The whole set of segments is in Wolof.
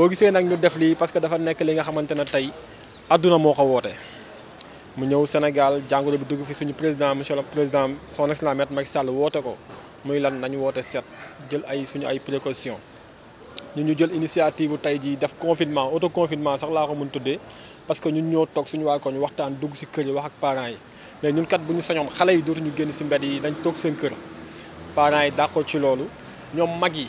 boo gisee nag ñu def lii parce que dafa nekk li nga xamante ne tey adduna moo ko woote mu ñëw Sénégal jàngoro bi dugg fi suñu président monsieur le président son excellence maître Macky Sall woote ko muy lan nañu woote set jël ay suñu ay précaution ñu ñu jël initiative tey jii def confinement auto confinement sax laa ko mun tuddee parce que ñu ñoo toog suñu ko ñu waxtaan dugg si kër yi wax ak parents yi mais ñun kat bu ñu sañoon xale yi dootuñu génn si mbedd yi dañ toog seen kër parents yi dàqoo ci loolu ñoom mag yi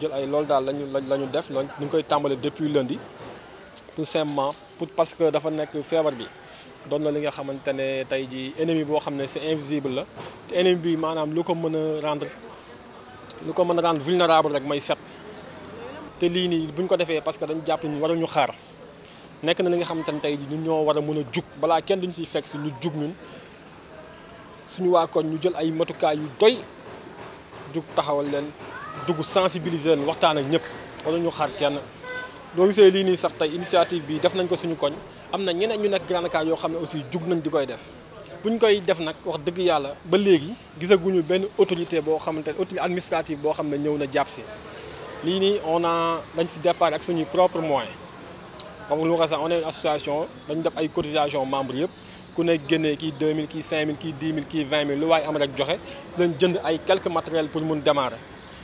jël ay loolu daal lañu la ñu def loolu ñu ngi koy tàmbale depuis lundi tout simplement pour parce que dafa nekk feebar bi doon na li nga xamante ne tey ji ennemi boo xam ne c'est invisible la te ennemi bi maanaam lu ko mën a rendre lu ko mën a rendre vulnérable rek may set te lii nii buñ ko defee parce que dañu jàpp ni waruñu xaar nekk na li nga xamante ne tey ji ñun ñoo war a mën a jug balaa kenn duñ siy fekk si lu jug ñun suñu waa koñ ñu jël ay matukaay yu doy jug taxawal leen dugg sensibiliser leen waxtaan ak ñep wala ñu xaar kenn do gisee li ni sax tay initiative bi def nañ ko suñu koñ amna na ñeneen ñu nekk Grand cas yo xam aussi jug nañ dikoy def buñ koy def nak wax dëgg yàlla ba léegi gisaguñu ben autorité bo xamante autorité administrative bo xam ne ñëw na jàpp si lii on a dañ ci départ ak suñu propre moyen comme lu ma ko sax on est une association dañ def ay cotisation membres yépp ku nekk génnee kii 2000 kii 5000 kii 10000 000 kii 20 lu way am rek joxé dañ jënd ay quelques matériel pour mun démarrer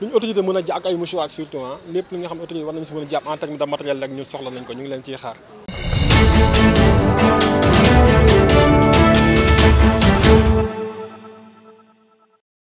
lu ñu autorité mën a jàpp ak ay mouchoir surtout ah lépp li nga xam ne autorité war nañu si mën a jàpp en terme de matériel rek ñun soxla nañ ko ñu ngi leen ciy xaar